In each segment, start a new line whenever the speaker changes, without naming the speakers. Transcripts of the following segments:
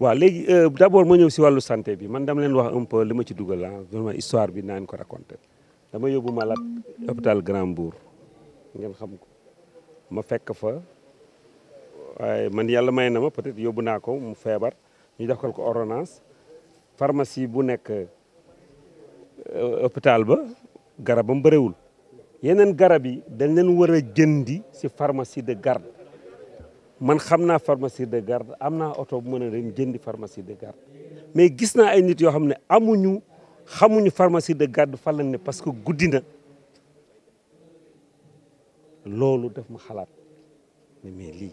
waaw léegi euh, d' abord ma ñëw si wàllu santé bi man dama leen wax un peu li ma ci dugal ah vraiment histoire bi naa leen ko raconté dama yóbbu ma malade hôpital Grand Mbour ngeen xam ko ma fekk fa man yàlla may na ma peut-être yóbbu naa ko mu feebar ñu defal ko ordonnance pharmacie bu nekk euh, hôpital ba garabam bëriwul yeneen garab yi dañ leen war a jëndi si pharmacie de garde man xam naa pharmacie de garde am naa oto bu mën a dem jëndi pharmacie de garde mais gis naa ay nit yoo xam ne amuñu xamuñu pharmacie de garde fan ne parce que guddi na loolu def ma xalaat ne mais lii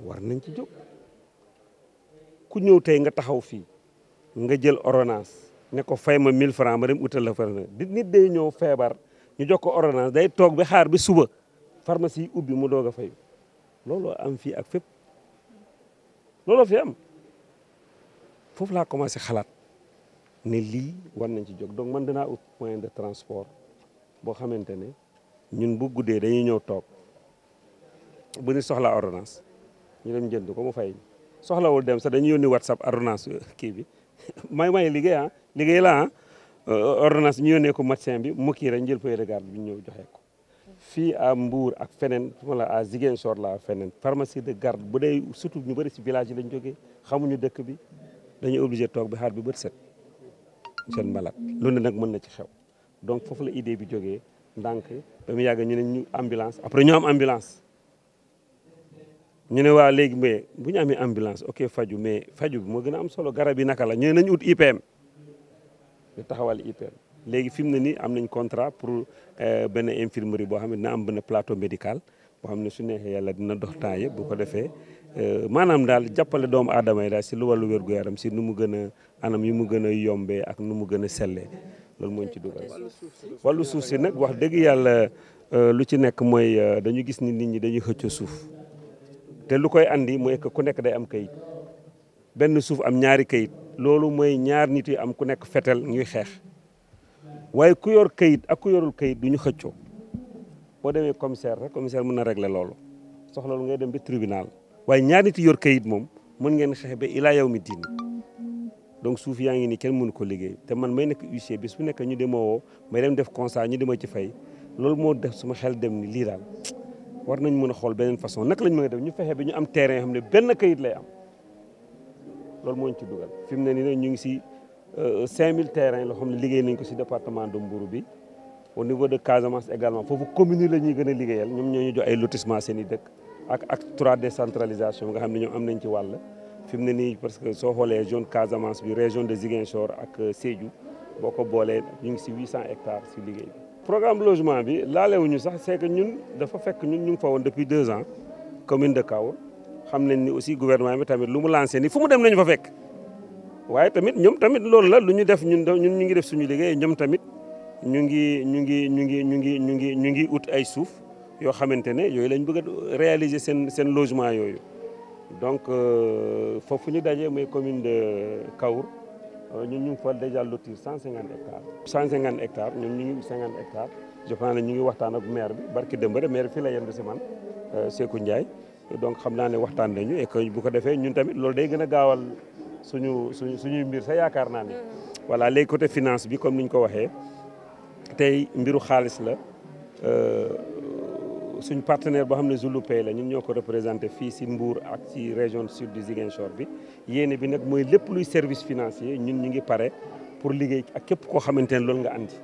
war nañ ci jóg ku ñëw tey nga taxaw fii nga jël ordonnance ne ko fay ma mille francs ma dem utal la pharmacie di nit day ñëw feebar ñu jox ko ordonnance day toog bi xaar bi suba pharmacie yi ubbi mu doog a fayu looloo am fii ak fépp looloo fi am foofu laa commencé xalaat ne lii war nañ ci jóg donc man dinaa ut point de transport boo xamante ne ñun bu guddee dañuy ñëw toog bu ñu soxla ordonnance ñu dem jënd ko mu fay soxlawul dem sax dañuy yónni whatsapp ordonnance kii bi may may liggéey ah liggéey laa ah euh, ordonnance ñu yónnee ko médecin bi mu kii rek njël feuille de garde bi ñëw joxe ko. fii à Mbour ak feneen wala à Ziguinchor la feneen pharmacie de garde bu dee surtout ñu bëri si village yi lañ jógee xamuñu dëkk bi dañuy obligé toog bi xaar bi bët set seen malade lu ne nag mën na ci xew donc foofu la idée bi joge ndànk ba mu yàgg ñu ne ñu ambulance après ñu am ambulance ñu ne waa léegi mais bu ñu amee ambulance ok faju mais faju bi moo gën a am solo garab yi naka la ñu ne nañu ut IPM ñu taxawal IPM léegi fi mu ne nii am nañ contrat pour euh, benn infirmerie boo xam ne dina am benn plateau médical boo xam ne su neexee yàlla dina dox temps yëpp bu ko defee euh, maanaam daal jàppale doomu aadama yi daal si lu wàllu wér-gu-yaram si nu mu gën a anam yu mu gën a yombee ak nu mu gën a sellee loolu moo ci dugal. wàllu suuf si nag wax dëgg yàlla euh, lu ci nekk mooy dañu gis ni nit ñi dañuy xëccoo suuf te lu koy andi mooy que ku nekk day am kayit benn suuf am ñaari kayit loolu mooy ñaar nit yi am ku nekk fetel ñuy xeex. waaye ku yor kayit ak ku yorul kayit du ñu xëccoo boo demee commissaire rek commissaire mun na régler loolu soxla lu ngay dem ba tribunal waaye ñaar nit yor kayit moom mën ngeen xeex ba ilaa yow mi diin donc suuf yaa ngi nii kenn mënu ko liggéey te man may nekk huissier bis bu nekk ñu demoo woo may dem def constat ñu dema ci fay loolu moo def suma xel dem ni lii daal war nañ mën a xool beneen façon naka lañ mën a def ñu fexe bi ñu am terrain xam ne benn kayit lay am moo ci ngi si 5000 euh, terrains nous avons ne liggéey nañ département de Mbour bi au niveau de Casamance également fofu commune yi la ñuy gën liggéeyal ñoom ñoo ñu jox ay lotissement seen dëkk ak ak trois décentralisation nga xamni ne am nañ ci wàll fi ni parce que so xolé zone Casamance bi région de Ziguinchor ak euh, Sédhiou boko bolé boolee ñu ngi si hectares ci liggéey programme logement bi laalewuñu sax c'est que ñun dafa fekk ñun ñu fa won depuis 2 ans commune de Kaolack xam nañ ni aussi gouvernement bi tamit lu mu lancé nii fu mu dem nañu fa fekk. Oui, tamit ñom tamit loolu Nous def ñun ñu ngi def suñu tamit ñu ngi ñu ngi réaliser logement donc foofu ñu de Kaour ñun ñu déjà lotir hectares 150 hectares ñun avons ngi hectares je pense ñu ngi waxtaan ak maire bi barki maire la si man Sékou Ndiaye donc xam naa et suñu suñu suñuy mbir sa yaakaar naa ne. voilà léegi côté finance bi comme ni ñu ko waxee tey mbiru xaalis la euh, suñ partenaire boo xam ne Zulupay la ñun ñoo ko représenté fii si Mbour ak ci région sud du Ziguinchor bi yéene bi nag mooy lépp luy service financier ñun ñu ngi pare pour liggéey ak képp koo xamante ne loolu nga andi.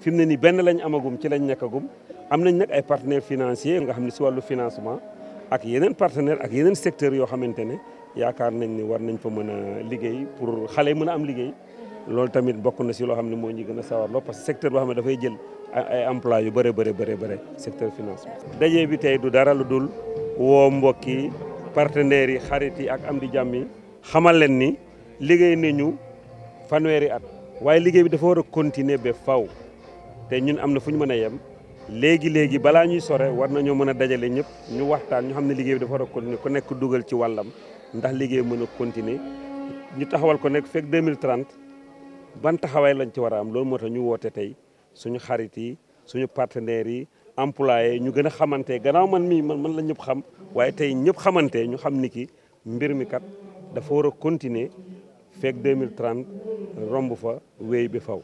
fi mu ne nii benn lañ amagum ci lañ nekkagum am nañ nag ay partenaires financier nga xam ne si wàllu financement ak yeneen partenaires ak yeneen secteurs yoo xamante ne. yaakaar nañ ni war nañ fa mën a liggéey pour xale yi mën a am liggéey loolu tamit bokk na si loo xam ne moo ñu gën a sawarloo parce que secteur boo xam ne dafay jël ay emploi yu bëre bëre bëre bëre secteur finance daje bi tey du dara lu dul woo mbokk yi partenaires yi xarit yi ak am di jàmmi yi xamal leen ni liggéey nañu fanweeri at waaye liggéey bi dafa war a continuer ba faw te ñun am na fu ñu mën a yem léegi léegi balaa ñuy sore war nañoo mën a dajale ñëpp ñu waxtaan ñu xam ne liggéey bi dafa war nekk dugal ci wàllam ndax liggéey mën a continuer ñu taxawal ko nekk fekk 2030 ban taxawaay lañ ci war a am loolu moo tax ñu wootee tey suñu xarit yi suñu partenaires yi employé ñu gën a xamante gannaaw man mii man man la ñëpp xam waaye tey ñëpp xamante ñu xam ni ki mbir mi kat dafa war a continuer fekk 2030 romb fa wéy bi faw